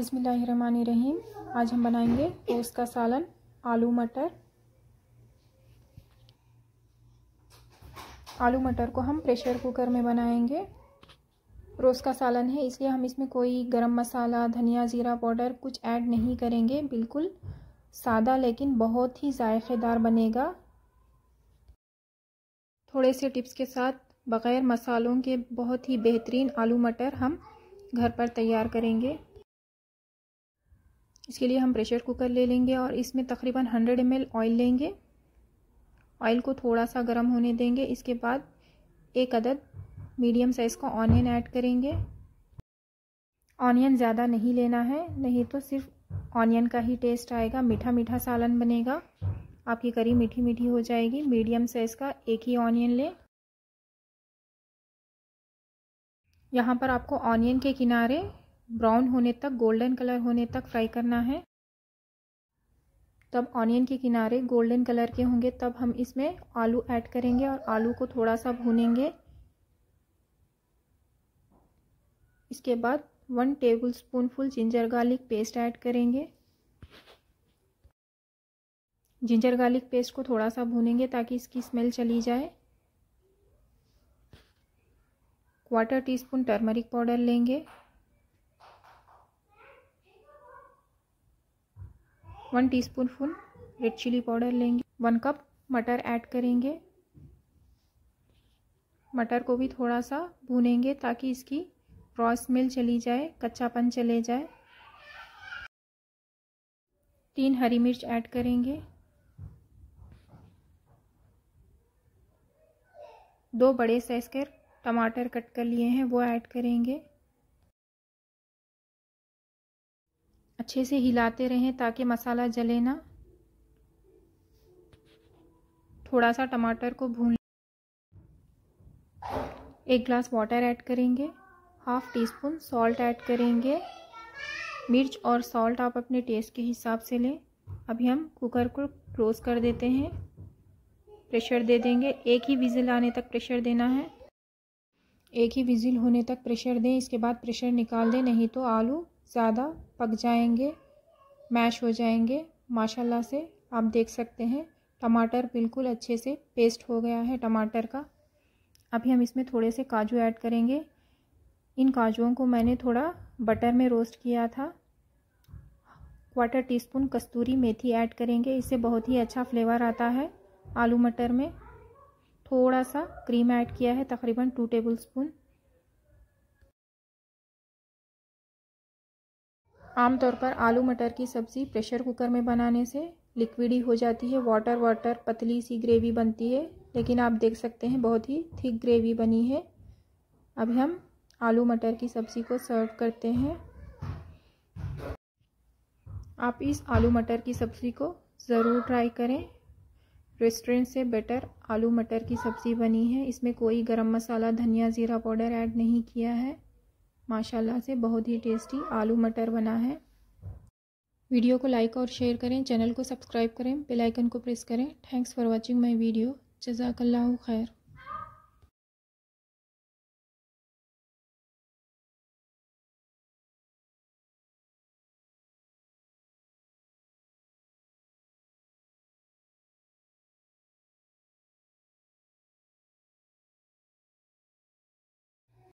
बिसमीम आज हम बनाएंगे ओस का सालन आलू मटर आलू मटर को हम प्रेशर कुकर में बनाएंगे रोज़ का सालन है इसलिए हम इसमें कोई गरम मसाला धनिया ज़ीरा पाउडर कुछ ऐड नहीं करेंगे बिल्कुल सादा लेकिन बहुत ही जायकेदार बनेगा थोड़े से टिप्स के साथ बग़ैर मसालों के बहुत ही बेहतरीन आलू मटर हम घर पर तैयार करेंगे इसके लिए हम प्रेशर कुकर ले लेंगे और इसमें तकरीबन 100 एम ऑयल लेंगे ऑयल को थोड़ा सा गर्म होने देंगे इसके बाद एक अदद मीडियम साइज़ का ऑनियन ऐड करेंगे ऑनियन ज़्यादा नहीं लेना है नहीं तो सिर्फ ऑनियन का ही टेस्ट आएगा मीठा मीठा सालन बनेगा आपकी करी मीठी मीठी हो जाएगी मीडियम साइज़ का एक ही ऑनियन लें यहाँ पर आपको ऑनियन के किनारे ब्राउन होने तक गोल्डन कलर होने तक फ्राई करना है तब ऑनियन के किनारे गोल्डन कलर के होंगे तब हम इसमें आलू ऐड करेंगे और आलू को थोड़ा सा भूनेंगे इसके बाद one tablespoon full ginger garlic paste add करेंगे जिंजर गार्लिक पेस्ट को थोड़ा सा भूनेंगे ताकि इसकी स्मेल चली जाए quarter teaspoon turmeric powder लेंगे one teaspoon red chilli powder लेंगे वन कप मटर ऐड करेंगे मटर को भी थोड़ा सा भूनेंगे ताकि इसकी रॉस मिल चली जाए कच्चापन चले जाए तीन हरी मिर्च ऐड करेंगे दो बड़े साइज के टमाटर कट कर लिए हैं वो ऐड करेंगे अच्छे से हिलाते रहें ताकि मसाला जले ना थोड़ा सा टमाटर को भून एक ग्लास वाटर ऐड करेंगे half teaspoon salt add करेंगे मिर्च और सॉल्ट आप अपने टेस्ट के हिसाब से लें अभी हम कुकर को क्लोज़ कर देते हैं प्रेशर दे देंगे एक ही विजिल आने तक प्रेशर देना है एक ही विजिल होने तक प्रेशर दें इसके बाद प्रेशर निकाल दें नहीं तो आलू ज़्यादा पक जाएंगे मैश हो जाएंगे माशाल्लाह से आप देख सकते हैं टमाटर बिल्कुल अच्छे से पेस्ट हो गया है टमाटर का अभी हम इसमें थोड़े से काजू ऐड करेंगे इन काजुओं को मैंने थोड़ा बटर में रोस्ट किया था क्वार्टर टी स्पून कस्तूरी मेथी ऐड करेंगे इससे बहुत ही अच्छा फ्लेवर आता है आलू मटर में थोड़ा सा क्रीम ऐड किया है तकरीबन टू टेबल स्पून आमतौर पर आलू मटर की सब्ज़ी प्रेशर कुकर में बनाने से लिक्विडी हो जाती है वाटर वाटर पतली सी ग्रेवी बनती है लेकिन आप देख सकते हैं बहुत ही थिक ग्रेवी बनी है अब हम आलू मटर की सब्ज़ी को सर्व करते हैं आप इस आलू मटर की सब्ज़ी को ज़रूर ट्राई करें रेस्टोरेंट से बेटर आलू मटर की सब्ज़ी बनी है इसमें कोई गरम मसाला धनिया ज़ीरा पाउडर ऐड नहीं किया है माशाल्लाह से बहुत ही टेस्टी आलू मटर बना है वीडियो को लाइक और शेयर करें चैनल को सब्सक्राइब करें बेल आइकन को प्रेस करें thanks for watching my video जजाकल्ला खैर